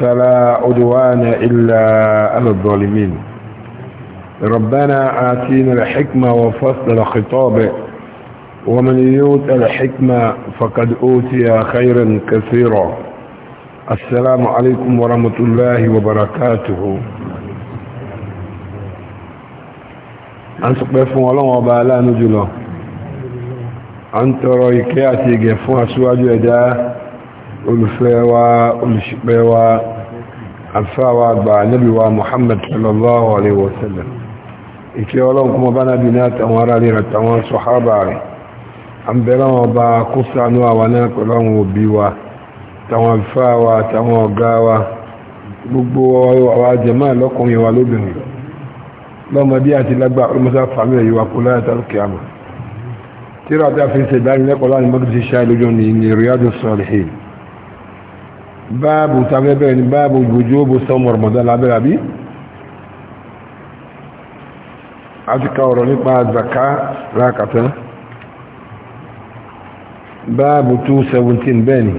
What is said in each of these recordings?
فلا عدوان إلا على الظالمين ربنا آتينا الحكمة وفصل الخطاب ومن يوت الحكمة فقد أوتي خيرا كثيرا السلام عليكم ورحمة الله وبركاته a ń الله وبعلا ọlọ́run ọba aláàánú jùlọ a ń tọrọ olùfẹ́ wa olùṣìpẹ̀ wa alfáwa àgbà nabi wa muhammad sallallahu alaihi wasallam ìkẹ́ ọlọ́run kúmọ bá nábi náà tàwọn ará rí àtàwọn sọ̀hábà rẹ̀ a ń bẹ̀rẹ̀ wọn bá kó sànú àwa náà pẹ̀lú àwọn òbí wa tàwọn alfáwa tàwọn ọ̀gá wa gbogbo àwa jẹ̀mọ́ lọ́kùnrin wa lóbìnrin lọ́mọdé àti lágbà olùmọ́sá fàmílẹ̀ yíwa kó láyàtà lókè àmà tí a fi ń ṣe ìdánilẹ́kọ̀ọ́ láti mọ́tò ti ṣáà lójú ní Riyadus Salihin báàbù tàbí bẹ́ẹ̀ ni báàbù wujubu sọmọ Ramadan lábẹ́rẹ́ àbí àtìkà ọ̀rọ̀ nípa zaka rákàtán báàbù 217 bẹ́ẹ̀ ni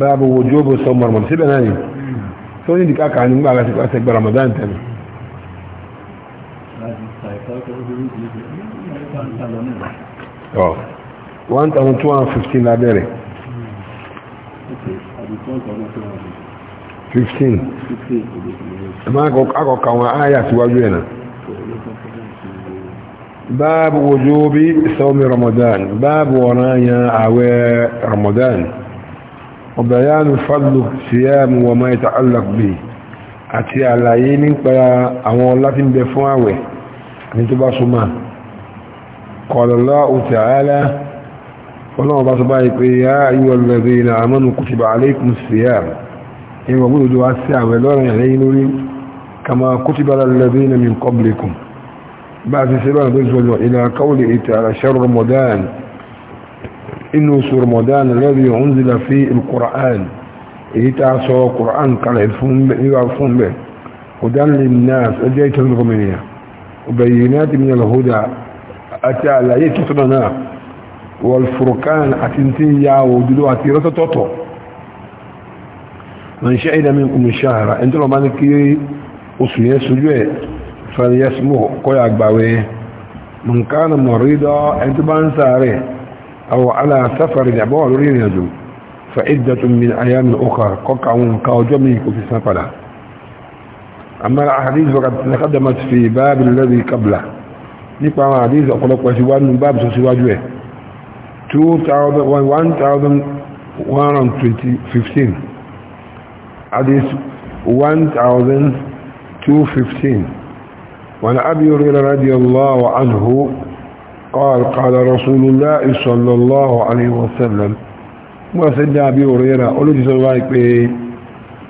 báàbù wujubu sọmọ Ramadan síbẹ̀ náà ni tó ní ìdíkàkà nígbà láti pàṣẹ gbà Ramadan tẹ̀lé ọ̀ 1215 lábẹ́rẹ́ fifteen àmọ́ akọ̀ka wọn àyà síwájú ẹ̀ náà báàbù wujubi sawmi ramadan báàbù ọ̀ranyàn àwẹ̀ ramadan وبيان فضل الصيام وما يتعلق به àti àlàyé nípa àwọn ọlá tí ń bẹ fún àwẹ̀ ní tó bá súnmọ́ قال ọlọ́wọ́ bá sọ báyìí pé yá ayọ́ lẹ́bí ilẹ̀ àmọ́nù kùtìbà aléìkùn síyàm ẹgbẹ̀ gbọ́dọ̀ wá sí àwẹ̀ lọ́rọ̀ ẹ̀lẹ́yìn lórí kama kùtìbà lẹ́bí ilẹ̀ min kọ́blikùn bá ti ṣe lọ́nà tó sọ́jọ́ ilẹ̀ kawulẹ̀ ìtẹ̀ àṣẹ́rù ramadan inú sọ ramadan lẹ́bí òun zìlà fi ìkùrán èyí tá a sọ kùrán kalẹ̀ fún bẹ́ hudan linnas ẹjẹ́ ìtọ́jú kọmìnìyàn ubayyinati min alhuda àti àlàyé tuntun náà والفرقان أتنتين يا ودلو أتيرة توتو من شهد منكم الشهر أنت لو مالك أسوية سجوة فليسمه قوي أكباوي من كان مريضا أنت بانساره أو على سفر نعبوه لرين يزول فعدة من أيام أخرى قطع كوجميك في سفرة أما الأحاديث فقد تقدمت في باب الذي قبله نقع حديث أقول لك وسوان باب سواجوه 1115 hadith 1215 وعن أبي هريرة رضي الله عنه قال قال رسول الله صلى الله عليه وسلم وسيدنا أبي هريرة قل لي سبحانك به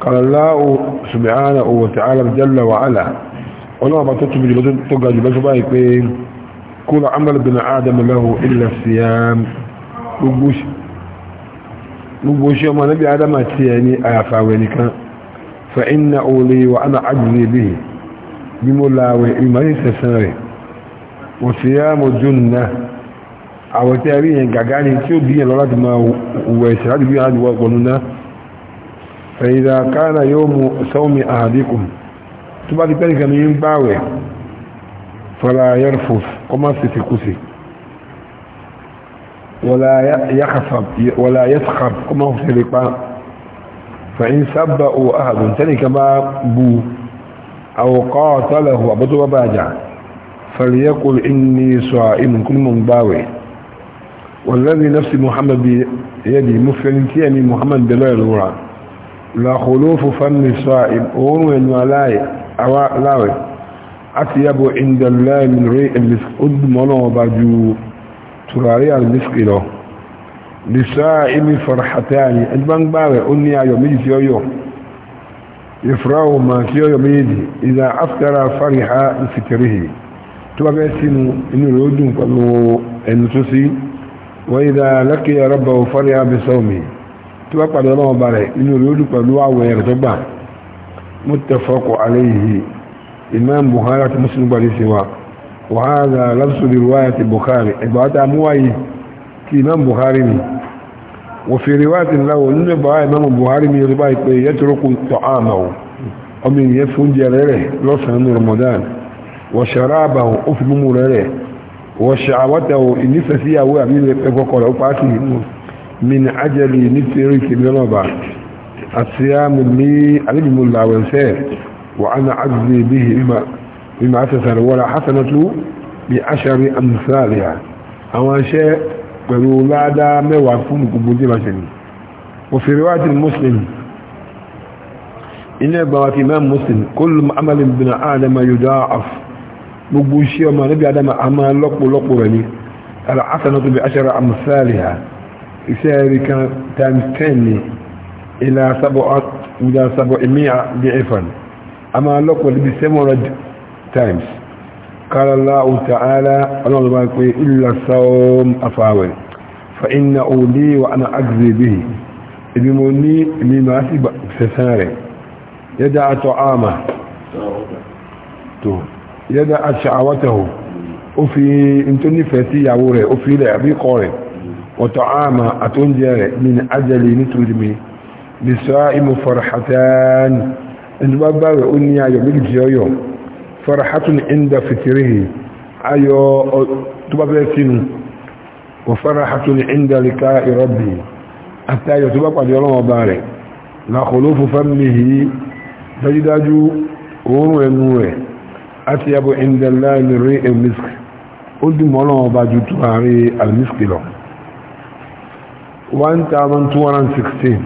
قال الله سبحانه وتعالى جل وعلا قلنا ما تتبع لبطن تقع جبال سبحانك كل عمل بن آدم له إلا الصيام gbogbo ṣe ọmọ níbi adama ti ẹ ní àyàfàwẹ̀ nìkan fa inna olè wa ana agbèrè bí bí mo láwẹ̀ ìmọ̀lẹ́ sẹ̀sán rẹ̀ wò sí yá mo jùn náà àwọn tí a rí yẹn gàgá ni tí ó bí yẹn lọ láti máa wẹ̀ ṣe láti bí yẹn láti wọ́ pọ̀nù náà fẹ̀yìdà ولا يخصب ولا يسخب كما هو سلقا فإن سبأوا أحد تلك ما بو أو قاتله أبطوا باجع فليقل إني صائم كل من باوي والذي نفس محمد بيدي مفلن تيامي محمد بلاي الورا لا خلوف فن صائم أونو ينوالاي أو لاوي أتيب عند الله من ريء المسك ملو وبجوه turare al-miski lọ lisa imi farhatani ẹni bá ń gbá rẹ̀ ó ní ayọ̀ méjì tí ó yọ ìfúráwò ma tí ó yọ méjì ìdá aftara fariha ìsìkìrìhì tó bá fẹ́ sínú inú rẹ̀ ó dùn pẹ̀lú ẹnu tó sí wọ́n ìdá laqiya fariha bi sawmi tó bá padà ọlọ́wọ́ bá rẹ̀ inú rẹ̀ ó dùn pẹ̀lú àwẹ̀ imam buhari àti muslim gbàdé وهذا لفظ برواية البخاري عبارة أموي إمام بخاري وفي رواية له نبع إمام البخاري من رواية يترك طعامه ومن يفن جلاله لصن رمضان وشرابه أفلم لله وشعوته النفس فيها هو من من عجل نفسك من ربع الصيام لي علم الله وانساه وأنا عزي به إمام بما أتسر ولا حسنة بعشر أمثالها أو شيء قالوا لا دا ما وعفون قبوزي بشري وفي رواية المسلم إن بوات إمام مسلم كل عمل ابن آدم يضاعف بقوشي وما نبي آدم أما لقب لقب بني الحسنة بعشر أمثالها إساري كان تامتني إلى سبعة إلى سبعمائة ضعفا أما لقب بسمرة times قال الله تعالى أنا أضبعك إلا الصوم أفاول فإنه لي وأنا أجزي به إبموني مما أسيب سساري يدع طعامه يدع شعوته وفي انتني فاتي يعوري وفي لعبي قوري وطعامه أتنجري من أجل نترجمي بسائم فرحتان انتبه بابا وإني أعجبك جيو يوم فرحة عند فكره أيو تبابتين وفرحة عند لقاء ربي حتى يتبقى اليوم وبارك لا خلوف فمه تجداج ورو نور أتيب عند الله من ريء المسك قلت مولا وباجو تباري المسك له وانت من 216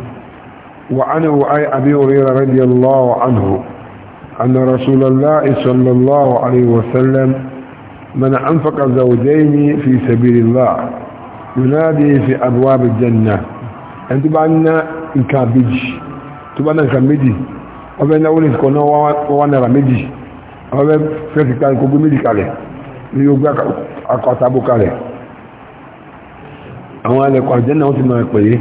وعنه أي أبي هريرة رضي الله عنه أن رسول الله صلى الله عليه وسلم من أنفق زوجين في سبيل الله ينادي في أبواب الجنة أنت بعنا إنكابيج تبعنا إنكابيجي أبنا أولي سكونا وانا رميجي أبنا فيك كان كوبي ميجي كالي ليوغا أكواتابو كالي أولا قال جنة وانت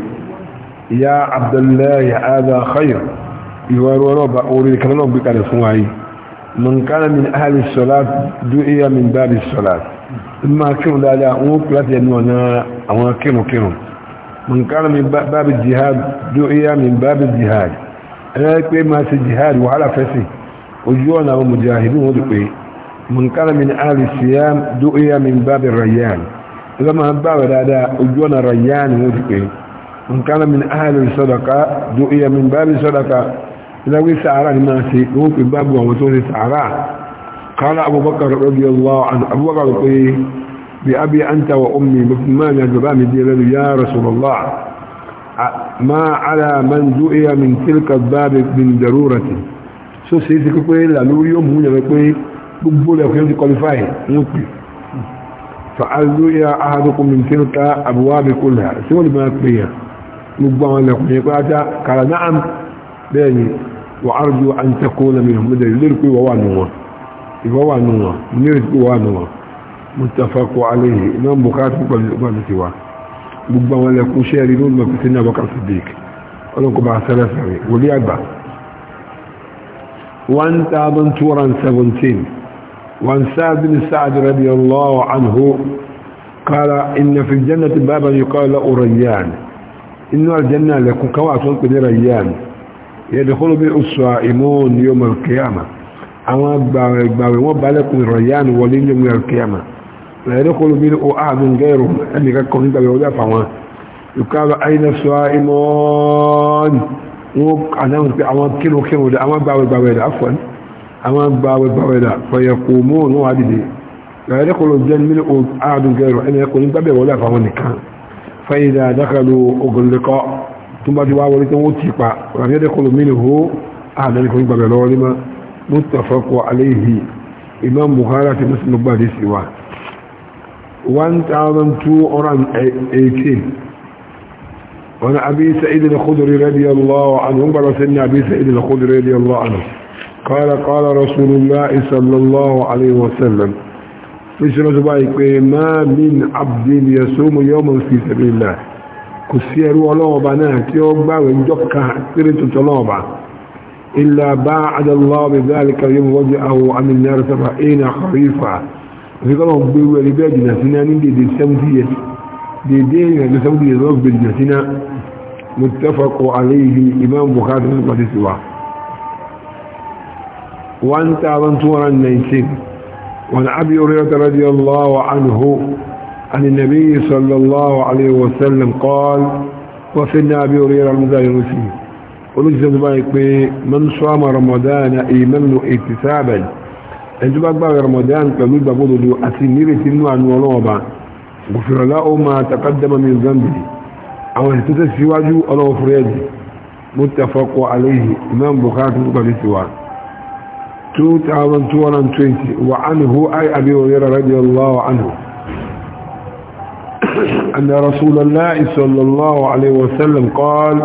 يا عبد الله هذا خير يوارو ربا أوري كلام بك على سماعي من كان من أهل الصلاة دعي من باب الصلاة إما كنوا لا لا أموك لا تنوانا أما كنوا كنوا من كان من باب الجهاد دعي من باب الجهاد أنا أكوي ما سجهاد وعلى فسي وجوانا ومجاهدون ودقوي من كان من أهل الصيام دعي من باب الريان لما باب لا لا وجوانا ريان ودقوي من كان من أهل الصدقة دعي من باب الصدقة إلى سعراء الناس في باب ومسؤول سعراء قال أبو بكر رضي الله عنه أبو بكر قيه بأبي أنت وأمي ما يجبان الدين يا رسول الله ما على من دعي من تلك الباب من ضرورة سو سيدي كوي إيه؟ لا لو يوم هنا إيه؟ كوي بقول يا كوي كواليفاي نوكي فعلوا دعي أحدكم من تلك أبواب كلها سوى لما كوي نبغى ولا كوي قال نعم بيني وارجو ان تكون منهم ذلك ووانوا ووانوا نريد ووانوا متفق عليه امام بخاري قال ابن سيوا بغبا ولا كشير نور ما كنا بكر صديق قالوا كما ثلاثه ولي اربع وان تابن توران سبنتين وان سعد بن سعد رضي الله عنه قال ان في الجنه بابا يقال ريان ان الجنه لكم كواتون بن ريان يدخل به الصائمون يوم القيامة أما باوي وبالكم الريان ولين يوم القيامة لا يدخل به أحد غيرهم أني كنت بيودا فما يقال أين الصائمون وأنا أما كيلو كيلو أما باوي باوي عفوا أما باوي باوي فيقومون وعددي لا يدخل الجنة أحد غيرهم أني كنت بيودا فما كان فإذا دخلوا أغلقوا ثم جوا ti wá ولم يدخل منه ti لكم ràmíẹ́dẹ́ kọlu متفق عليه إمام àdáni kan gbàgbẹ́ lọ́wọ́ ní ma muttafaqu alayhi imam أبي سعيد الخدري رضي الله عنه انقل سنة أبي سعيد الخدري رضي الله عنه قال قال رسول الله صلى الله عليه وسلم فيش رجبائك ما من عبد يصوم يوما في سبيل الله kò sí ẹrú ọlọ́ọ̀bá náà tí ó gbáwẹ̀ ìjọ kan péré tuntun ọlọ́ọ̀bá ilá bá adàlọ́ọ̀bẹ̀ dáríkà yóò wọ́jú àwọn amìnira sábà èèyàn àkọrífà ìfikọ́lọ̀ gbérú ẹ̀rí bẹ́ẹ̀ jìnà síná ní dèdè 70 years dèdè èèyàn tó 70 years lọ́gbẹ̀ jìnà síná mutafakọ̀ aléyìí imam bukatu ní pàdé síwá 1219 wọn àbí orí ọ̀tà radiyallahu anhu عن النبي صلى الله عليه وسلم قال وفينا أبي هريرة المزاين فيه ونجزم بايك من صام رمضان إيمان اكتسابا عندما بقى رمضان قالوا بقولوا له أسنيرة عن ولوبا غفر له ما تقدم من ذنبه أو اهتدت في وجهه وفريد متفق عليه إمام بخاري وبلسوان 2220 وعنه أي أبي هريرة رضي الله عنه أن رسول الله صلى الله عليه وسلم قال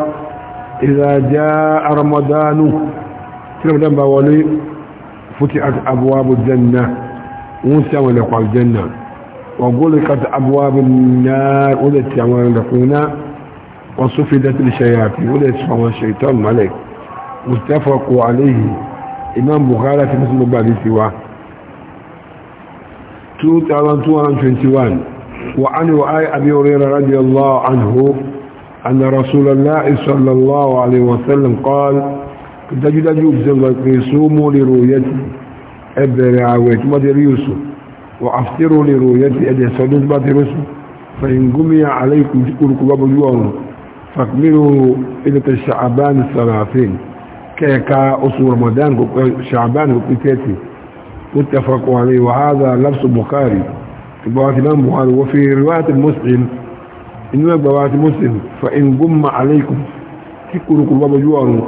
إذا جاء رمضان رمضان بولي فتحت أبواب الجنة موسى ولقى الجنة وغلقت أبواب النار ولت يعمل لقونا وصفدت الشياطين ولت فهو الشيطان ملك متفق عليه إمام بخاري في مسلم بابي سواه 2221 وعن وآي أبي هريرة رضي الله عنه أن رسول الله صلى الله عليه وسلم قال دجو دجو بزنغك يصوموا لرؤيتي أبرع عويت يوسف وأفطروا لرؤيتي أدي صدوك بات يوسف فإن قمي عليكم تقولكم باب اليوم فاكملوا إلى شعبان الثلاثين كيكا أسو رمضان شعبان وكتاتي متفق عليه وهذا لفظ بخاري رواية الإمام البخاري وفي رواية المسلم إنما رواية مسلم فإن قم عليكم تكون قربة جوار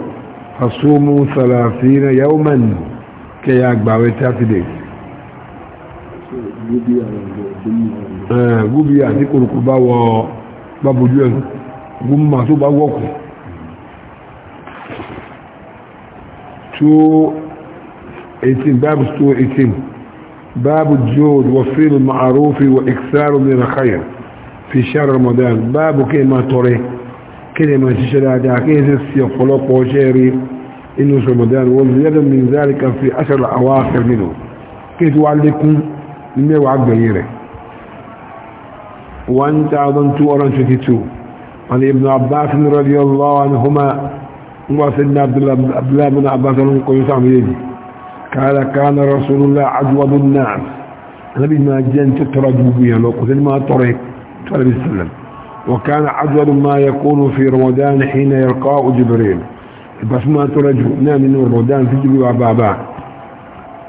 فصوموا ثلاثين يوما كي يقبعوا تاتي gúbí àti kòròkò bá wọ gbábojú ẹ̀nù gúnmà tó bá wọ́kù tó 18 bibles tó 18 باب الجود وفير المعروف وإكثار من الخير في شهر رمضان باب كلمة توري كلمة شهادة كيس يخلق وشيري إنه رمضان وزيادة من ذلك في عشر الأواخر منه كيف تعلقكم لم يوعد غيره 1222 عن ابن عباس رضي الله عنهما وسيدنا عبد الله بن عباس رضي الله عنه قال كان رسول الله عجوض الناس نبي ما جن تترجو بيا لو قلت ما طريق صلى الله عليه وسلم وكان عجوض ما يكون في رمضان حين يلقاه جبريل بس ما ترجو نام من رمضان في جبريل وبابا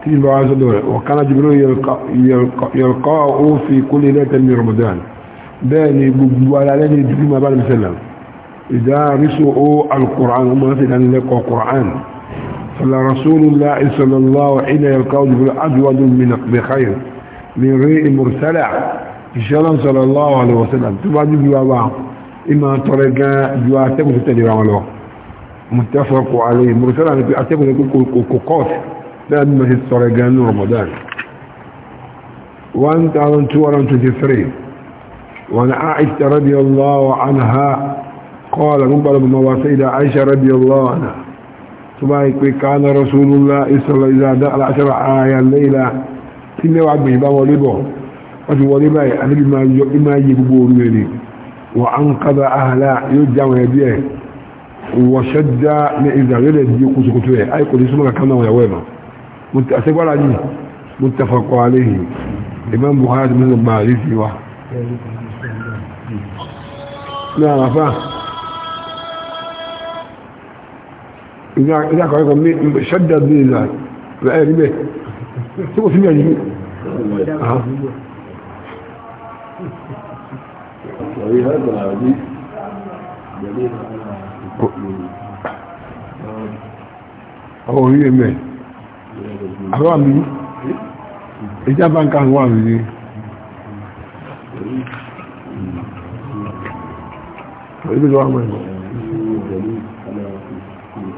في بعض وكان جبريل يلقى يلقى يلقاه في كل ليلة من رمضان باني ولا لاني جبريل ما بعد مسلم إذا رسوا القرآن وما في لأن يلقوا القرآن فلرسول الله صلى الله عليه وسلم أجود من بخير من غير مرسلة إشارة صلى الله عليه وسلم تبعد جوابا إما طريقا جواتب تتدير عمله متفق عليه مرسلة في أتب تكون رمضان 1223 عائشة رضي الله عنها قال من عائشة رضي الله عنها تبارك كان رسول الله صلى الله عليه وسلم إذا دخل عشر آية الليلة كل وعد به بولبه وتولبه أنا بما ما يجبونني وأنقذ أهلا يرجع ويبيه وشد إذا ولد يقص كتبه أي قد اسمك كما ويوما متأسف ولا جيه متفق عليه إمام بخاري من المعرفة واحد لا رفاه إذا كان شدد لله بقى به تبقى في مجمع وهذا العديد دليل على هو هي مين أرامي إجابة كان وامي وإذا كان وامي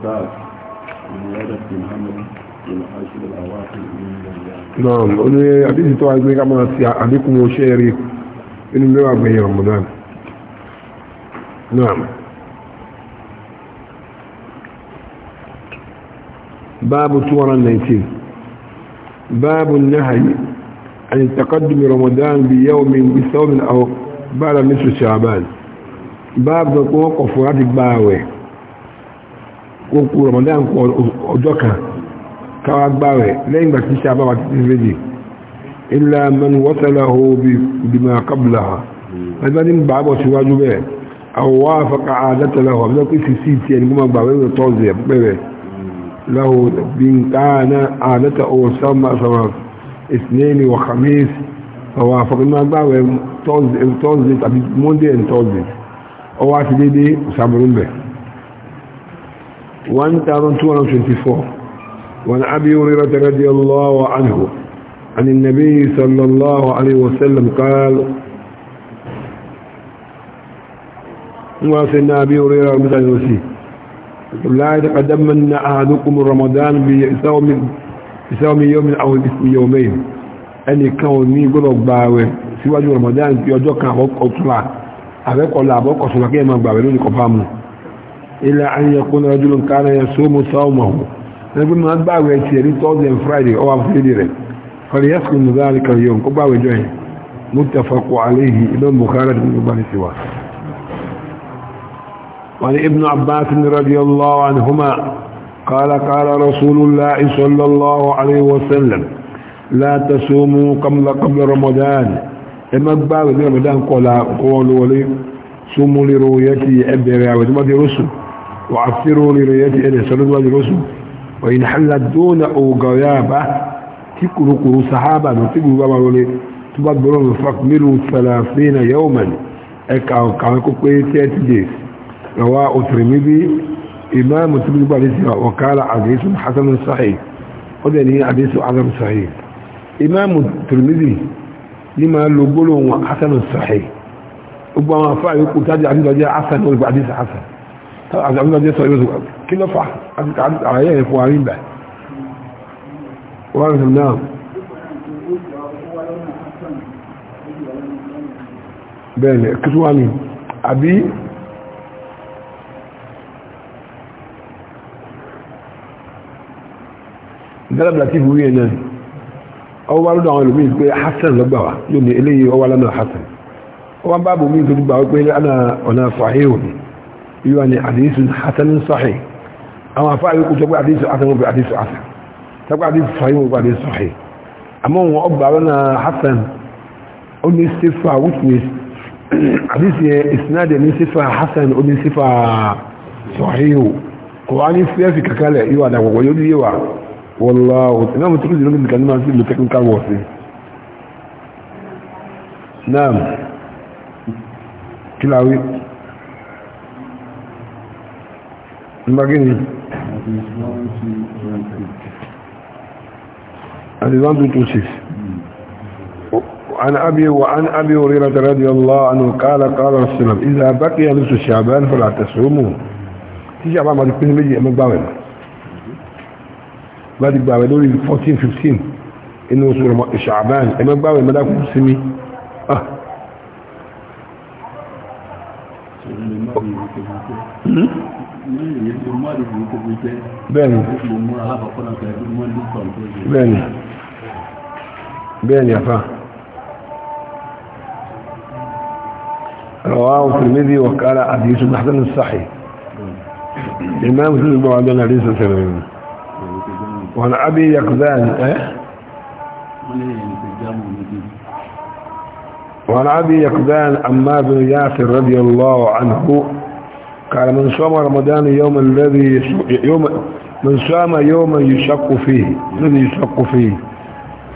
الأستاذ نعم أنا حديث تو عايز كما عليكم وشيري إنه ما بين رمضان نعم باب سورة 19 باب النهي عن تقدم رمضان بيوم بصوم أو بعد نصف شعبان باب توقف وقت باوي kókó ramadan kọ ọjọ́ kan káwá gbá rẹ̀ lẹ́yìn ìgbà tí iṣẹ́ abáwa títí méjì ilẹ̀ mẹnu wọ́tẹ̀lá obi ìdìmọ̀ àkọ́bùlà ẹgbẹ́ ní bàbọ̀ síwájú bẹ́ẹ̀ àwọ̀wá afọ́ka àdátẹ̀lá ọ̀bẹ́ pé sì sí ti ẹni gbọ́mọ̀ gbàwé rẹ̀ tọ́ọ̀zẹ̀ pẹ̀rẹ̀ láwọ̀ bí n káàná àdátà ọwọ́ sọ́mà sọ́mà monday and thursday ọwọ́ àti dédé sàmùrùmbẹ̀ 1224 وعن أبي هريرة رضي الله عنه عن النبي صلى الله عليه وسلم قال وسيدنا أبي هريرة مثل يوسي لا يتقدمن أحدكم رمضان بصوم بصوم يوم أو باسم يومين أن يكون مي غلط باوي síwájú ramadan tí ọjọ́ kan àbọ́kọ̀túnlá àbẹ́kọ̀ọ́lá àbọ́kọ̀túnlá kí ẹ máa gbàwẹ̀ lónìí kọfàmù إلا أن يكون رجل كان يصوم صومه نقول من أتباع يتيري توزي فرايدي أو أفريدي فليسكن ذلك اليوم قبع وجهه متفق عليه إمام بخاري بن أبان سواه وعن ابن عباس رضي الله عنهما قال قال رسول الله صلى الله عليه وسلم لا تصوموا قبل قبل رمضان اما بعد رمضان قال قولوا لي صوموا لرؤيتي ابي رعوه ما دي رسل وعثروا لرياض أن يسلم واجه الرسل وإن حلت دون أو غيابة تكركوا صحابة وتقلوا بابا ولي تبقبرون فاكملوا ثلاثين يوما أكاو كاوكو كوي تيتي ديس رواه الترمذي إمام الترمذي بالإسراء وقال حديث حسن صحيح وذلك حديث عظم صحيح إمام الترمذي لما لقوله حسن صحيح ربما فاعل يقول تاجي عديد وجاء حسن والبعديث حسن àgbàmúlò jẹ́ sọ ìrọsùn kí ló fà àyẹ́ ẹ̀fọ́ àrí ìgbà wọ́n rẹ̀ náà bẹ́ẹ̀lẹ̀ kìtù wà ní àbí dẹ́lẹ̀bìlà tí ìwúrí ẹ̀nà ọwọ́ wá lọ́dọ̀ àwọn ìlúmí pé hassan lọ́gbà wá yóò ní eléyìí ọwọ́ lánàá hassan ọwọ́ bá يعني حديث حسن صحيح أما فعل يقول تقول حديث حسن وبحديث حسن تقول حديث صحيح وبحديث صحيح أما هو أبع لنا حسن قلني صفة وتنس حديث إسناد يعني صفة حسن قلني صفة صحيح قرآن فيها في ككالة إيوة أنا ويقول إيوة والله إنما تقول لي لكن كلمة أسئلة تكن كان وصي نعم كلاوي magini الإمام توسيس عن أبي وعن أبي هريرة رضي الله عنه قال قال رسول الله إذا بقي نصف الشعبان فلا تصوموا في شعبان ما تكون مجي أما باوين ما تكون باوين دولي 14 15 إنه سورة شعبان أما باوين ما تكون مسلمي أه bẹ́ẹ̀ni bẹ́ẹ̀ni bẹ́ẹ̀ni àfá رواه الترمذي وقال حديث حسن الصحيح الإمام مسلم بن عبد الله ليس وعن أبي يقظان وعن أبي يقظان أما بن ياسر رضي الله عنه قال من صام رمضان يوم الذي يوم من صام يوما يشق فيه الذي يشق فيه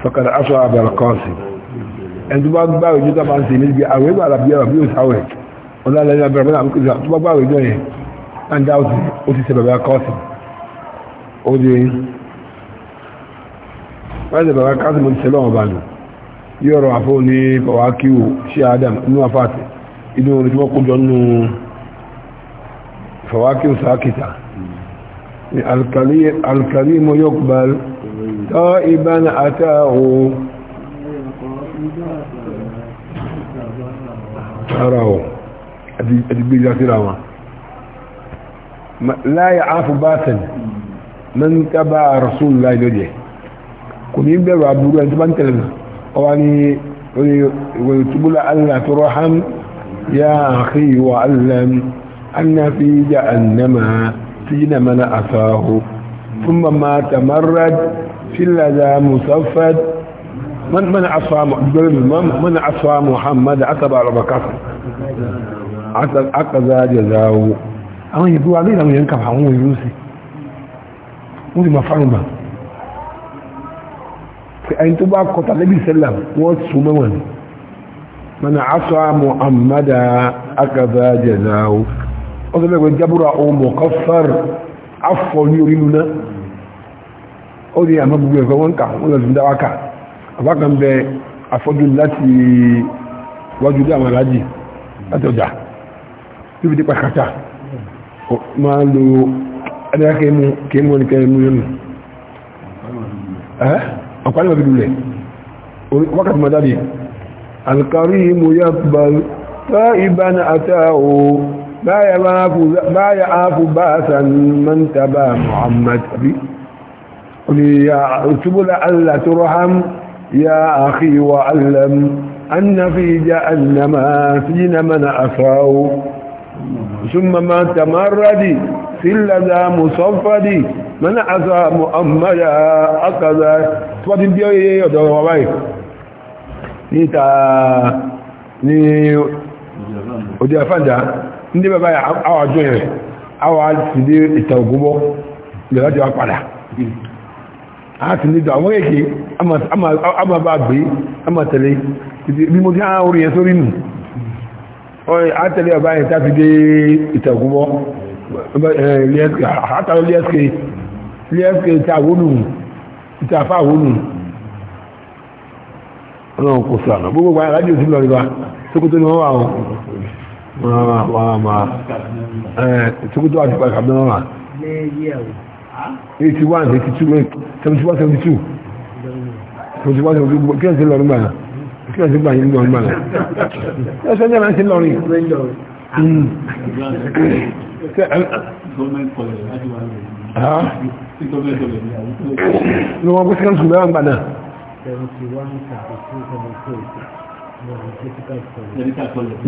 فقد أصعب القاسم ẹni tó bá gbá òjò tó bá ń sèmi bí àwẹ̀ bá àlàbí àwẹ̀ bí ó sáwẹ̀ ọlọ́lá ẹni abẹ́rẹ́ mẹ́ta àmúkú tó bá gbá òjò yẹn and that ó ti sẹ̀bẹ̀bẹ̀ kọ́ọ̀sì ó di eyín wọ́n ti sẹ̀bẹ̀bẹ̀ kọ́ọ̀sì mo ti sẹ̀bẹ̀ wọn bá lò yóò rọ àfọ́ ní pàwákíwò ṣé adam inú afáàtì inú orin tí wọ́n kó jọ nínú فواكه ساكتة الكريم يقبل تائبا أتاه أراه لا يعاف باتا من تبع رسول الله لديه كن يبدأ وعبدو أنت من تلم وعني ويتبول ألا ترحم يا أخي وعلم أن في جهنم حين من أتاه ثم ما تمرد في الذا مصفد من من أصفى من أصفى محمد أتبع ربكات أقضى جزاه أما يبدو عليه لما ينكف عمو يوسي ودي ما فعلوا فأين تبع قطع النبي صلى الله عليه وسلم من أصفى محمد أقضى جزاه wọ́n tẹ́lẹ̀ pé jábúra ọmọ kọfàr afọ ní orí luna ó ní àmọ́ gbogbo ẹ̀kọ́ wọ́n kà wọ́n lọ́sùn dáwákà àbákan bẹ afọ́jú láti wájú dé àwọn aláàjì láti ọjà níbi tí pàkàtà máa lo ẹ̀dẹ́gbẹ́ kéémù kéémù ní kéémù yónù ọ̀pá ní ọ̀bí lulẹ̀ wákàtí ما يعاف لا باسا من تبا محمد بي قل يا اتب لألا ترحم يا أخي وعلم أن في جهنم سجن من أخاه ثم ما تمرد في اللذا مصفد من أسى مؤمدا أكذا تفضل بيوي يدور وباي نيتا ني ودي أفندا ndé bàbá yà àwọn àjọ rẹ̀ àwọn àti ní ìtàn ògúnbọ́ lọ́jọ́ apàdà àti ní ìdọ̀ àwọn èké àmàbà gbé àmàtẹ̀lé bí mo kí á orí yẹn sórí nù àtẹ̀lé ọba yẹn tàbí dé ìtàn ògúnbọ́ àtàlọ́ lẹ́ẹ̀kẹ́ lẹ́ẹ̀kẹ́ ìtàwónù ìtàfàwónù ọlọ́run kò sọ àná gbogbo àwọn alájò sí lọ rí wa sókótó ni wọ́n wà wọn wọ́n á máa ẹ̀ ìtúkútù àti pàkà bí wọ́n wà. eighty one eighty two seventy one seventy two seventy one seventy two kí ẹ̀ ṣe lọ́rin gbà náà kí ẹ̀ ṣe gbà yín ní ọ̀rin gbà náà ẹ̀ ṣe ń jẹ́ náà ṣe lọ́rin. Ní wọ́n kó sí kan sùgbọ́n gbà náà.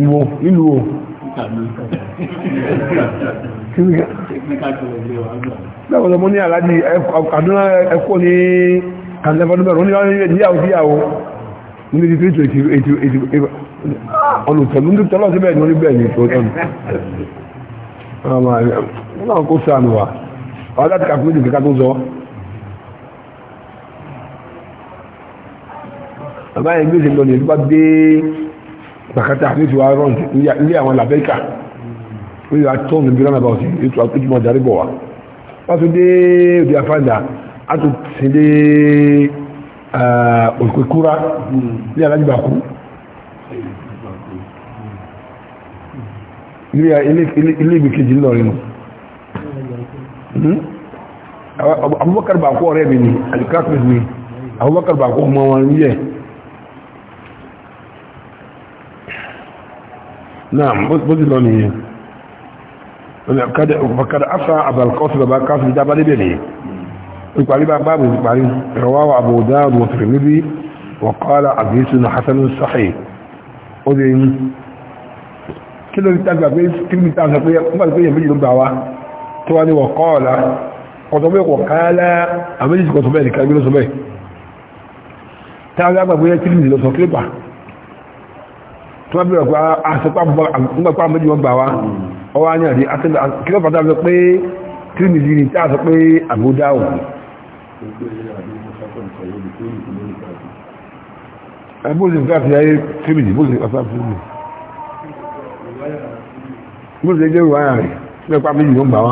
Ìwò ìlú o. Bẹ́ẹ̀ wọ́n mọ́ ní àlájí àdúrà ẹkọ́ ní Kàndẹ́fọ́dúnbẹ̀rún ní ìyàwó síyàwó ní ti tí olùtẹ̀lú ní tọ́lọ́ síbẹ̀ ní oníbẹ̀ ní ìṣòtọ́nù. Wọ́n náà kó sáà nù wà. Wọ́n bàbá yẹn gbèsè lọ nílùú bá dé bàkátà nítorí wa rọ̀ nílé àwọn làbẹ́ríkà ó yà tó ní bí ránàbà òsì ètò àpéjùmọ̀ darí bọ̀ wá wọ́n tún dé òdì àfáàdà a tún sí dé eh, òkèkúra hmm. ní alájìbàkú ilé ìgbèkejì lọ́rin nù hmm? Abubakar Bako ọ̀rẹ́ mi ni alikakris mi Abubakar Bako ọmọ wọn yẹ نعم بودي لوني فقد عفى أبا القاسم بقى القاسم جاب لي بني يقال بقى باب يقال رواه أبو داود والترمذي وقال حديث حسن صحيح أذن كل اللي تابع بيس كل اللي تابع بيس ما بيس بيجي لبعوا تواني وقال قطبي وقال أمجد قطبي لكي يقول سبي تابع بيس كل اللي لو سكلبه tí wọ́n bẹ̀rẹ̀ pé àṣepá nígbàpá méjì wọ́n gbà wá ọwọ́ á ní àdé kí lọ́pàá tàbí pé tìrìmìzì ni tí a sọ pé àbúdá ò bóòlù nǹkan àti ayé tìrìmìzì bóòlù nǹkan àti tìrìmìzì bóòlù nǹkan jẹ́ ìwáyà rẹ̀ nígbàpá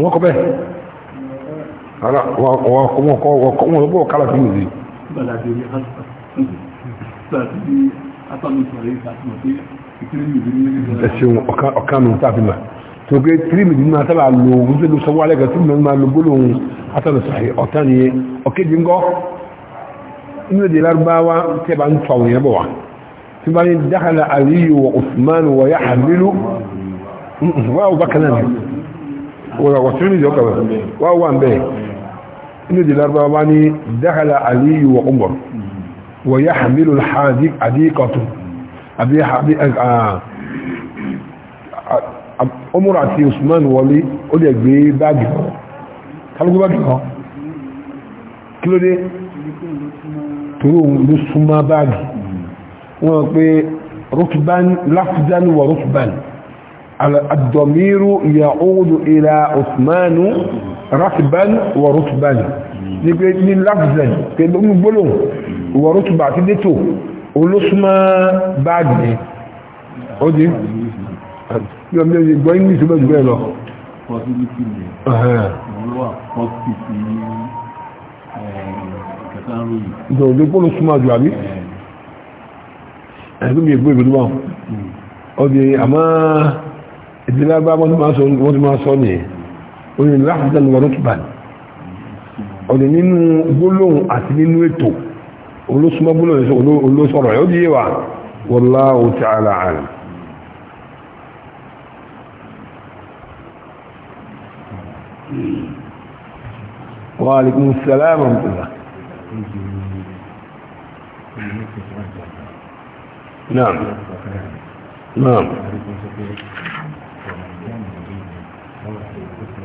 wọ́n kọ́ bẹ́ẹ̀ ara wọn bọ̀ kálá fún mi. ẹ ṣeun ọ̀kan mi tàbí ma tó gé tírímìdì náà sábà lo oúnjẹ ló sọwọ́ alẹ́gà tí mẹ́rin máa lo gbólóhùn asọ́nà sàáyé ọ̀tá ni ọ̀kéjì ń gọ́ inú èdè lárúbáwá tẹ́ bá ń tọ́ àwọn èèyàn bọ̀ wá tí bá ní dákàlà aliyu wa usman wa ya hamilu wáwọ̀ ni wọ́n wà tírímìdì ọkọ̀ wáwọ̀ wà ń bẹ́ẹ̀ inú di larabawa ní dákàlà aliyu wa umar wa ya hamilu alhadik adikatu abi umar àti usman wọlé ó lè gbé báàgì kan kálùkù báàgì kan kí ló dé torí ló súnmọ́ báàgì wọ́n pé rukban lafdan wa rukban الضمير يعود إلى عثمان rakiban wa rutuban ní pé ní lafzen pé ló ń gbólóhùn wa rutuba àti dẹ́tò olóṣùmọ́ báàgì ni ó di yọ mi ò gbọ́ english bẹ́ẹ̀ jù bẹ́ẹ̀ lọ. possibility ni òun ló wà positive ní kẹta ròyìn. ìjọba òde pọ́lù súnmọ́ àjò àbí ẹ̀sùn mi ègbó ìbùdó wọn ó di àmọ́ ìdílágbá wọn ti máa sọ nìyẹn orin láàrín wọ́rọ̀tùbàn ọ̀dẹ̀ nínú gbólóhùn àti nínú ètò olóṣùmọ́ gbólóhùn olóṣọ̀rọ̀ yóò díye wà wallahu ta'ala alam wa alaikum salam Naam. Naam.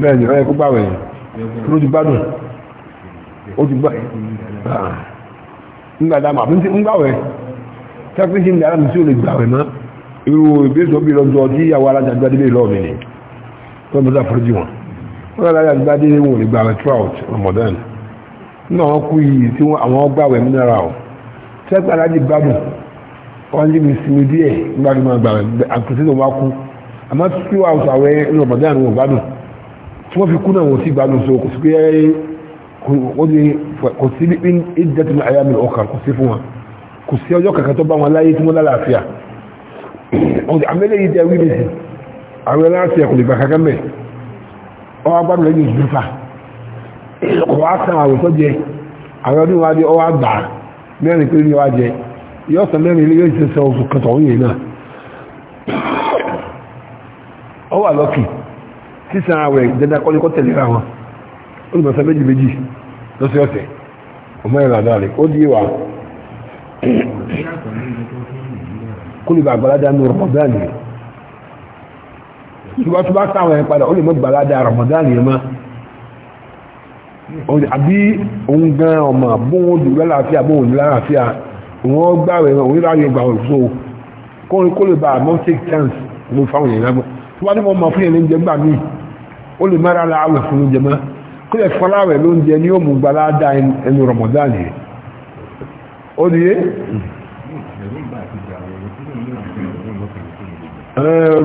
bẹ́ẹ̀ ni ọ̀yẹ́ kó gbà wẹ̀ tó ti gbádùn ó ti gbà ah. nígbà dáa màbí ń gbà wẹ̀ tẹ́kírísì ní aláàmì tí ó lè gbà wẹ̀ mọ́ irú ìbéèrè tó bí lọ́jọ́ tí ìyàwó alájà gbádé lè lọ́ọ̀ mi ni tó ń bọ́dà fúrújì wọn wọ́n alájà gbádé wọn lè gbà wẹ̀ trout Ramadan náà wọ́n kú yìí tí àwọn gbà wẹ̀ mineral tẹ́kírísì alájì gbádùn wọ́n jí mi sinmi díẹ̀ nígbà tó máa gbà àkùsí tó wá kú àmọ́ tí wàá sọ àwẹ́ inú ọ̀bàdàn àwọn ògbádùn tí wọ́n fi kú náà wọ́n sì gbádùn so kò sí pé kò sí bí ìdẹ́tì ní àyà mi ọkàn kò sí fún wọn kò sí ọjọ́ kankan tó bá wọn láyé tí wọ́n lálàáfíà àmẹ́lẹ́ yìí jẹ́ wíìlì sí àwọn aláàfíà kò lè gbà kankan mẹ́ ọwọ́ agbádùn lẹ́yìn ìdúfà kò wá sàn àwòsọ jẹ àwọn ọdún wa dé ọwọ́ àgbà mẹ́rin pé ní wá jẹ yóò sọ mẹ́rin ilé yóò sọ oṣù kẹtọ̀ọ́ yìí náà ọ wà lọ́kì sísan àwẹ̀ dandan kọ́ ní kọ́ tẹ̀lé ra wọn ó lè mọ̀sán méjì méjì lọ́sọ̀ọ̀sẹ̀ ọmọ ẹ̀rọ àdá rẹ̀ ó di wà kó lè bá àgbàládá ní Ramadan, yìí ṣùgbọ́n tó bá sáwọn ẹ̀ padà ó lè mọ́ gbàládá Ramadan yìí mọ́ àbí òun gan ọmọ bóun dùn lálàáfíà bóun dùn lálàáfíà wọ́n gbàwẹ̀ wọn nílá yẹn gbàwẹ̀ so kọ́rin kó lè bá àmọ́ take chance ló fáwọn èèyàn lágbọ́ tó bá ní wọ́n mọ̀ fún yẹn lóúnjẹ gbà míì ó lè mára la àwẹ̀ fún oúnjẹ mọ́ kó lè fọ́n láwẹ̀ lóúnjẹ ní òmù gbalá dá ẹnu Ramadan yẹn ó di yé.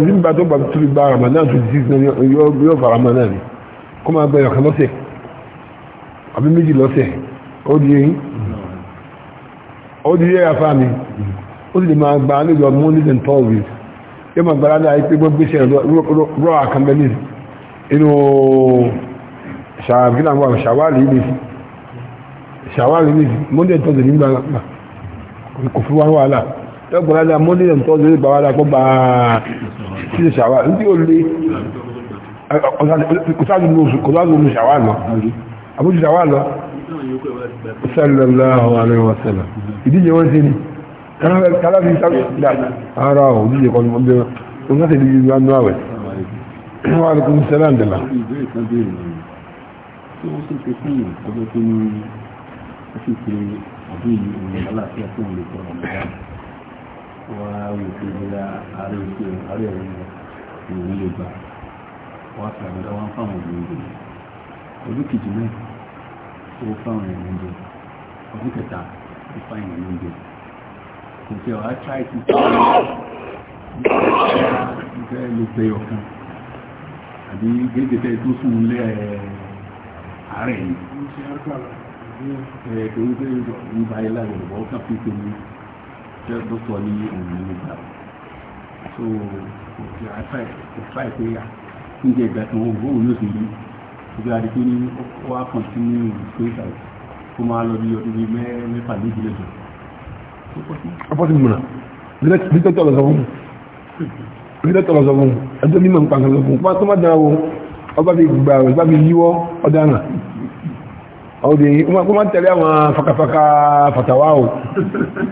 nígbà tó gbà tó lè gba Ramadan twenty six náà yóò fara mọ́ náà ni kó máa gbẹ̀yọ̀ kan lọ́sẹ̀ àbí méjì lọ́sẹ̀ ó di yé yín ó di yẹ́ afá mi ó sì lè máa gba níjọ mondays and thursdays yẹ́ máa gbára náà ipé gbogbo iṣẹ́ rọ àkànbẹ́lì inú ṣàwálì ní ṣàwálì ní mondays and thursdays nígbà kò fi wá wàhálà lọ́gbọ̀n láti mondays and thursdays bá wàhálà gbọ́gbà sí ṣàwálì ní ó lé kò sáàdùn ní ṣàwálì lọ sallallahu alaihi wa sallam ìdíje wọn ṣe ni kálábí sábà ara ò díje kọ́ ni wọ́n bẹ́ẹ̀ wọ́n ká sì di ìlú anú àwẹ̀ wọ́n á lè kún sẹ́lá ń wọ́n sì ń lè wọn fáwọn òbí ojú náà owó fáwọn èèyàn oúnjẹ ọdún kẹta ó fáwọn èèyàn oúnjẹ kò fẹ́ ọ̀rá tíráì tí ó fẹ́ lè gbẹ ọ̀kan àbí gẹ́gẹ́fẹ́ tó sùn lẹ́ ààrẹ yìí ẹ̀ẹ́dẹ̀ ń gbé ìgbà ilá yorùbá ó ní jẹ́ dókítọ̀ ní ní ìgbà so kò fẹ́ àìfà ìpéyà oúnjẹ ìgbà kan òun yóò sì ìjọ àdìgbò ní wá kàn sí ní ìgbésà kó máa lọ bí ọdún bíi mẹ́fà ní ìdílé jọ. ọpọ́ ti múra nígbà tó lọ sọ fún nígbà tó lọ sọ fún ẹjọ́ mímọ̀ ń pàṣẹ lọ fún pátó má dára wo ọba fi gbà rẹ̀ ọba fi yíwọ́ ọ̀daràn ọdẹ wọn kó máa tẹ̀lé àwọn fakafaka fatawa o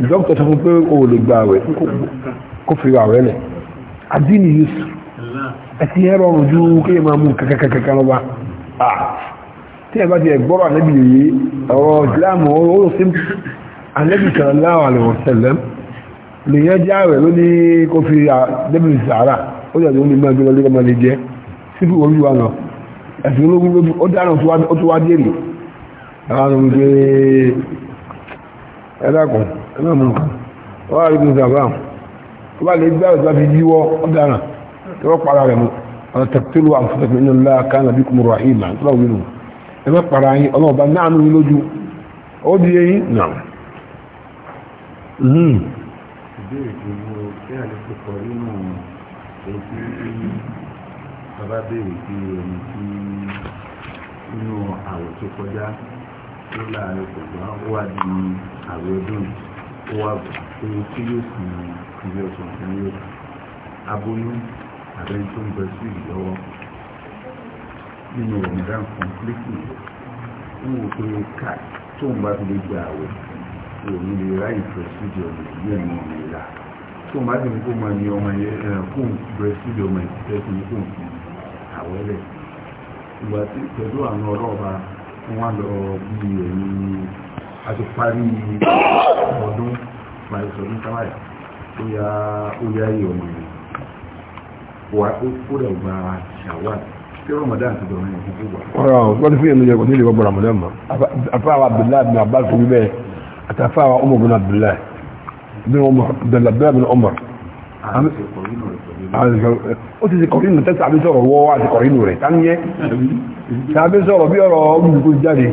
dókítà sọ fún pé o lè gbà rẹ̀ kó fi a rẹ̀ lẹ̀ adínì yusuf ẹ̀sìn ẹ̀rọ ọ̀rùn ju kéèyàn máa mú kàkàkàkà tí ẹ bá ti ẹgbọ́rọ̀ ànẹ́bì yìí ọ̀rọ̀ ìsìláàmù oòrùn sí ànẹ́bì kan láwọn àlèwọ̀n tẹ̀lẹ̀ lè yẹn jẹ́ ààrẹ ló ní kó fi ànẹ́bì sàárà ó jẹ́ òun ní mọ́ ẹgbẹ́ lọ́lẹ́gbẹ́ máa lè jẹ́ síbí olúwa lọ ẹ̀sìn ológun ló ó dáná ó tó wá dé rè àwọn ọmọ ìgbé ẹlẹ́kùn ẹlẹ́kùn nǹkan ó wà rí kí n sàbà ó bá lè gbá ìgbà fi yíwọ́ ó dáná tó wọ́n para rẹ̀ mọ́ ولا تقتلوا أنفسكم إن الله كان بكم رحيما الله منه إما قرأي الله بل نعم يلجو أودي نعم امم bàbá béèrè pé ẹni tí inú àwẹ̀ tó kọjá ó láàrin pẹ̀lú wá di àwẹ̀ ọdún ó wà pé tí yóò sì ìrẹsùn ìrẹsùn aboyún àbẹ́ni tó ń bẹ sí ìlọ́wọ́ nínú Ramadan completely ń wò pé ká tó ń bá fi lè gba àwẹ̀ òun lè ráyè pẹ̀sídì ọmọ ìlú ẹ̀mọ́ ọmọ ìlà tó ń bá ti ń kó máa ní ọmọ ẹ̀kún pẹ̀sídì ọmọ ìtẹ́ ti ń kó nǹkan àwẹ́lẹ̀ ìgbà tí pẹ̀lú àwọn ọlọ́ọ̀bá wọn lọ bí ẹ̀yìn àti parí ọdún pàìsọ̀dún káwáyà ó yá ó yá yìí ìlú wa ó kúrẹ̀ gba ṣàwà tí ramadan ti dọ̀rọ̀ yẹn fún wa. ọ̀rọ̀ wọ́n ti fún yẹn lóye kò ní lè wọ́n bọ̀ ramadan mọ́ afáwa abdullahi bin abbas fún bẹ́ẹ̀ àtàfáwa umar bin abdullahi bin umar abdullahi bin umar. ó ti ṣe kọ̀rínù tẹ́sí àbí sọ̀rọ̀ wọ́ àti kọ̀rínù rẹ̀ tá ń yẹ tàbí sọ̀rọ̀ bí ọ̀rọ̀ olùkó jáde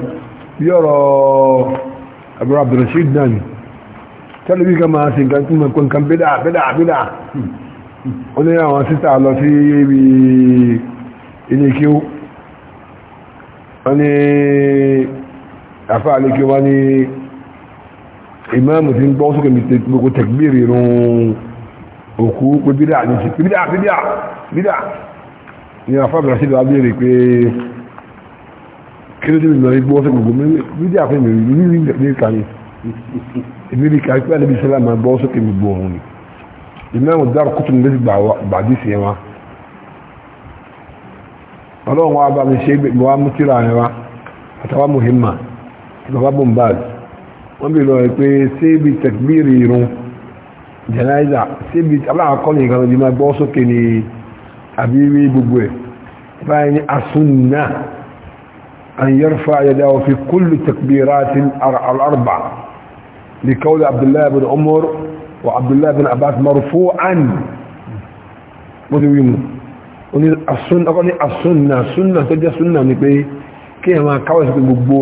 bí ọ̀rọ̀ ó ní àwọn sísà lọ sí ibi ilé kí ó wọ́n ní àfáà lè kí wọ́n ní ìmáàmù tí ń gbọ́ sókè mi gbogbo tẹ̀gbìrì rún òkú pé bídà ní ṣe bídà bídà bídà ni àfáà bẹ̀rẹ̀ sí lọ abẹ́rẹ̀ pé kí ló dé ìlọ igbó sókè gbogbo bídà fún mi rí rí rí rí kàní ìbí rí kàní pé àlébí sẹ́lá máa gbọ́ sókè mi gbogbo òun ni ìmẹ́wò dára kútù ní bàdí sí wa ọlọ́run wa bá mi ṣe gbogbo wa mú tíra rẹ wa àtàwà muhimma bàbá bombaz wọ́n bí lọ rẹ̀ pé síbi tẹ̀gbìrì irun jẹ̀láìzà síbi aláàkọ́lẹ̀ ìgbàlọ́ ìdí máa gbọ́ sókè ní àbíwí gbogbo ẹ̀ báyìí ni asúnnà an yarfa yadahu fi kulli takbiratin al-arba li qawli abdullahi ibn umar وعبد الله بن عباس مرفوعا مدويم oni asunna oni asunna sunna tó jẹ́ sunna ni pé kí ẹ máa káwọ́ sí gbogbo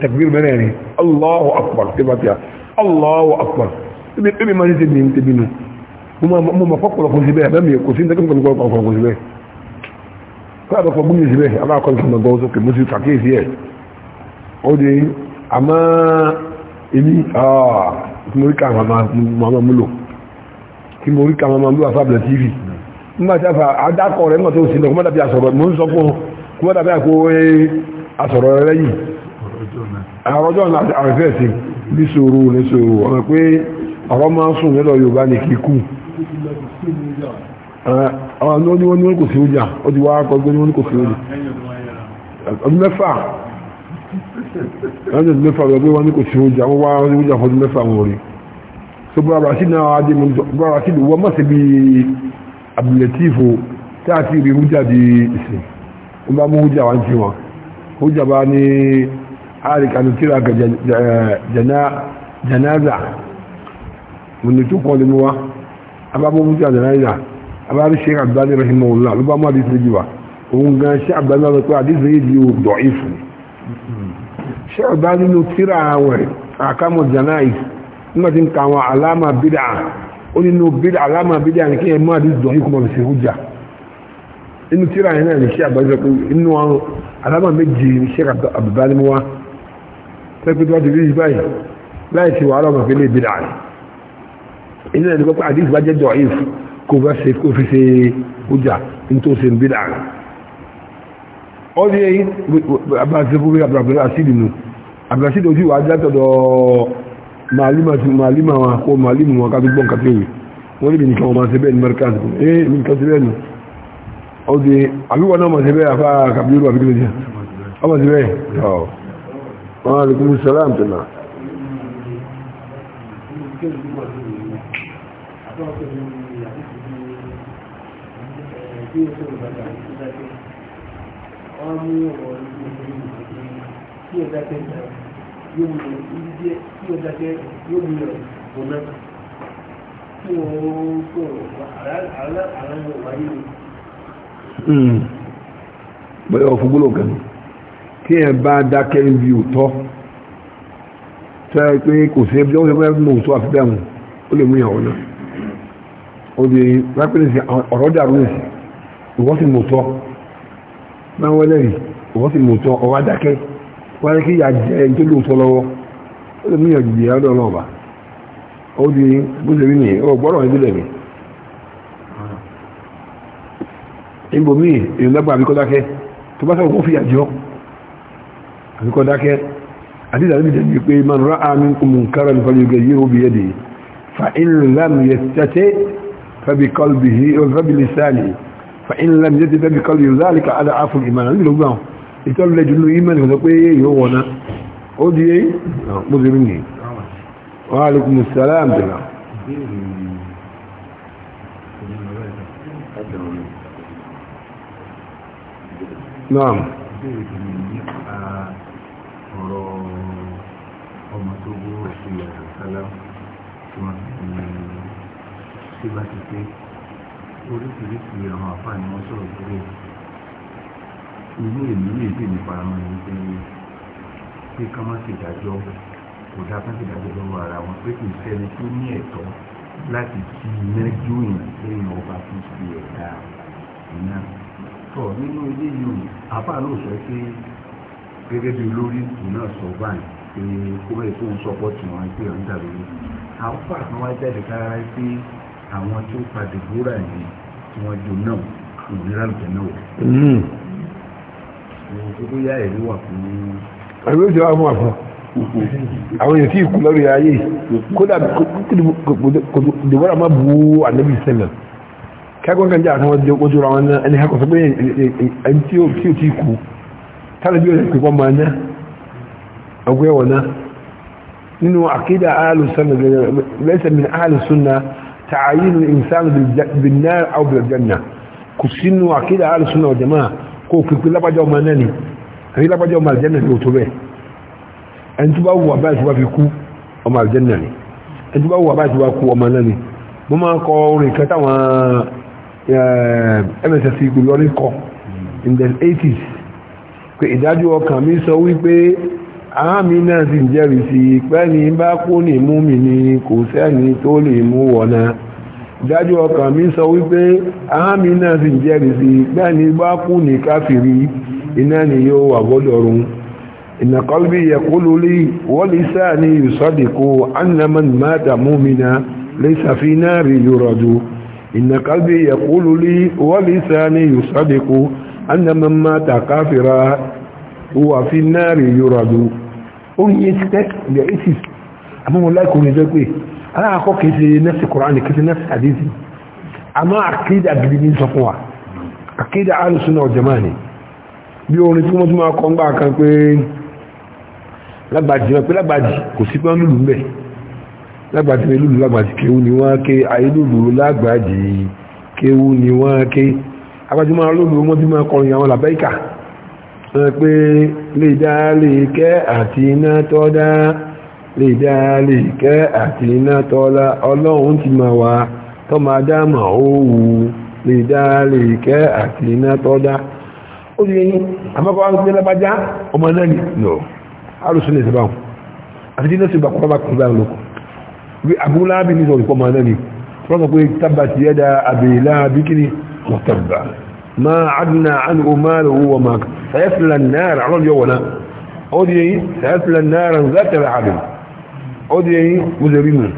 takbir mẹ́rẹ̀ẹ̀rin allahu akbar tí bá tí a allahu akbar ibi ma ní tẹ́bí tẹ́bí nù mo ma fọ́pọ̀lọ̀ kò sí bẹ́ẹ̀ bẹ́ẹ̀ kò sí ní tẹ́kùn kò kò sí bẹ́ẹ̀ kọ́ àbọ̀fọ́ gúnmí sí bẹ́ẹ̀ aláàkọ́lù fún ọgbọ́ sókè mo sì kàkíyèsí ẹ̀ ó di àmá èmi àà ah, tí mo rí ká màmá mú lò tí mo rí ká màmá mú tv nígbà tí àfa adákọ̀ rẹ̀ mọ̀tò sí lọ kó má dàbí àsọ̀rọ̀ mo ń sọ fún kó má dàbí àkó àsọ̀rọ̀ rẹ̀ lẹ́yìn àrọ́jọ́ àrẹ́fẹ́ sí ní sòrò ní sòrò ọmọ pé ọ̀rọ̀ máa ń sùn nílọ̀ Yorùbá ní kíkú àwọn ní wọ́n ní wọ́n kò sí ojà ó ti wá kọgbẹ́ ní wọ́n kò ẹ̀rọ mẹ́fà lọ bí wọ́n ní kò sí oúnjẹ àwọn wá oúnjẹ àfọ́dún mẹ́fà wọn rí so bọ́ra sí náà adé mú bọ́ra sí wọ́n mọ̀ sí bí abdulatifo tí a ti rí oúnjẹ di ìsìn wọ́n bá mú oúnjẹ àwọn tí wọn oúnjẹ bá ní àríkànú tíra jẹnáza mùnìtú kan lè mú wa abábọ́ oúnjẹ jẹnáza abárí sheikh abdulayi rahimahullah ló bá mú àdìsí méjì wa òun gan sheikh abdulayi rahimahullah àdìsí méjì yóò dọ̀ ìfún ṣẹ́ọ̀bá nínú tíra àwẹ̀ àkámọ̀ janais nígbà tí ń ka àwọn alama bídà ó nínú bídà alama bídà ní kí ẹ máa dìdọ̀ yìí kọmọ̀ sí hujja inú tíra yẹn náà ní ṣe àgbájọ pé inú àwọn alama méje ní ṣe àbùbáníwá tẹ́pẹ́ tó wá ti rí yìí báyìí láì ti wàhálà ọmọ fi lè bídà rẹ̀ inú ẹni pé àdìs bá ọdún yẹn abúlásílẹ̀ abúlásílẹ̀ àṣìlì nù abúlásílẹ̀ ojú wa játọ̀dọ̀ màálímà wa kó màálímù wọn ká tó gbọ́n kàtó ìwé wọ́n níbi nìkan wọn máa ṣe bẹ́ẹ̀ ní mẹ́ríkàsì ee ní nǹkan ṣe bẹ́ẹ̀ nù ọdún yẹn àbíwọ̀n náà máa ṣe bẹ́ẹ̀ afá kàbírù àbí kílódé ọmọ ṣe bẹ́ẹ̀ wọn á lè kún sàlám tó nà. Thank you wọ́n mú ọ̀rọ̀ tí ó kan tí ẹ bá dákẹ́ ibi òótọ́ tó yẹ pé kò sí ẹbí ọ̀hún ṣe fẹ́ mú òótọ́ àfi ó lè mú ìyàwó náà ó di rápẹ́lẹ́sì ọ̀rọ̀ dàrú ìwọ́sìn mú òótọ́ máa ń wọlé rí wọ́n sì mú tán ọwá dákẹ́ wọ́n rí kí ìyá jẹ́ ẹni tó lóòótọ́ lọ́wọ́ ó lè míyàn jìjì ọdọ ọlọ́ọ̀bà ó di bóṣe rí nìyẹn ó gbọ́dọ̀ ẹbí lẹ̀mí ibòmí èyí lọ́gbà àbíkọ́ dákẹ́ tó bá sọ̀rọ̀ kó fìyà jọ àbíkọ́ dákẹ́ àti ìdàbí ìdàbí فإن لم يجد بقلب ذلك أضعف الإيمان ní gbogbo àwọn ìtọ́lẹ̀ jùlọ ìmẹ́ni kò sọ pé yóò wọ̀ná ó di é mùsùlùmí ní wa alaikum salam àmìlà naam oríṣiríṣi àwọn àfáà ni wọ́n sọ̀rọ̀ lórí inú èmi ní èdè ní paramọ́ ní pé pé ká má ṣèdájọ́ kò dá ká ṣèdájọ́ lọ́wọ́ ara wọn pé kò sẹ́ni tó ní ẹ̀tọ́ láti fi iná jó èèyàn lẹ́yìn ọba tó fi ẹ̀dá iná tọ̀ nínú ilé yìí àfáà náà sọ pé gẹ́gẹ́ bí olórí ìlú náà sọ báyìí pé kó bẹ́ẹ̀ tó ń sọ́pọ̀ tí wọ́n ń pè àwọn àfáà kan jáde kára pé àwọn tó padà búra yìí tí wọ́n jò náà kò ní rálùkẹ́ náà hmm. wọ̀. gbogbo yá ẹ̀rí wà fún un. àbí ó ti wá fún àfọ àwọn èèyàn tí lórí ayé kódà dèbọ́ra má bu ànábì sẹ́lẹ̀ kẹ́kọ̀ọ́ kan jẹ́ àtàwọn jẹ́ ojú ra wọn náà ẹni kẹ́kọ̀ọ́ sọ ẹni tí ó ti kú tálẹ̀ bí ó ti pèpọ́ máa ná ọgbẹ́ wọn náà nínú àkídà alùsọ́nà lẹ́sẹ̀ mi alùsọ́nà تعيين الإنسان بالنار أو بالجنة كسين أكيد أهل السنة والجماعة كو في كل لبجة وماناني هي لبجة وما الجنة توتوبة أنت بقى هو باش وفيكو وما الجنة أنت بقى هو باش وفيكو وماناني مما قولي كتاوى MSC كل لوري كو in the 80s pé ìdájọ́ ọkàn mi àmì náà sì ń jẹ́rìí sí i pẹ́ni bá kú ní mú mi ni kò sẹ́ni tó lè mú wọ̀nà dájú ọkàn mi sọ wípé àmì náà sì ń jẹ́rìí sí i pẹ́ni bá kú ní káfìrí iná ni yóò wà gbọ́dọ̀ run ìnàkọ́lbí yẹ̀kúlù lè sáà ní ìsọ́dìkú annaman mata múmina lè sàfihàn rí yúrọ̀dù ìnàkọ́lbí yẹ̀kúlù lè sáà ní ìsọ́dìkú annaman káfìrá wà fi náà rí yúrọ̀dù orin yẹn ti tẹ́kì ilẹ̀ 80s àmọ́mọ́ láìkò ní ẹjọ́ pé aláàkọ́ kìí ṣe nẹ́sì kòránì kìí ṣe nẹ́sì àdéhìí àmọ́ àkéde àgbègbè ní sọ fún wa àkéde alùsùn náà jẹ́mà ni bí orin tí wọ́n tún máa kọ́ ńgbà kan pé lágbàjì wọn pé lágbàjì kò sí pé wọ́n lùlù mbẹ̀ lágbàjì pé lùlù lágbàjì kéwú ni wọ́n ké ayé lùlù lágbàjì kéwú ni wọ́n ké agbájú máa lùlù wọ́n tún máa kọrin sọ pé lè dá lè kẹ́ àti iná tọ́ dá lè dá lè kẹ́ àti iná tọ́lá ọlọ́run ti ma wá tọ́ ma dá mà ó wù lè àti iná tọ́ dá ó di eyín àmọ́kọ́ wọn lábájá ọmọ náà ni no alùsùn lè sọ báwọn àti dínà sí ìgbàkọ́ bá kúrò báwọn lóko bí abúláàbí ní sọ ni wọ́n ما عدنا عنه ماله وما سيصلى النار على الجولة أودي سيصلى النار ذات العدل أودي مزرين